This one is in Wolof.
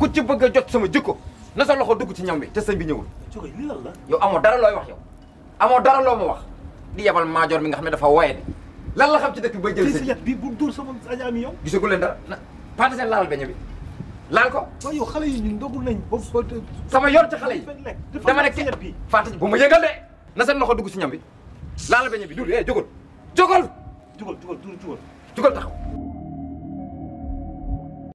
ku ci bëgg jot sama jikko na sa loxo dugg ci ñam bi te sëñ bi ñëwul. Cogoy lii lan yow amo dara loy wax yow amo dara lo mu wax di yabal major mi nga xamne dafa waye de lan la xam ci dëkk bi ba jël sëñ bi bu dur sama ajaam yow. gisagu leen dara na paate laal beñe bi laal ko. way yow xalé yi ñun dogul nañ bo sama yor ci xalé yi dama nekk fatu bu ma yëngal dé na sa loxo dugg ci ñam bi laal beñe bi dur é eh, jogol jogol jogol jogol dur jogol jogol taxaw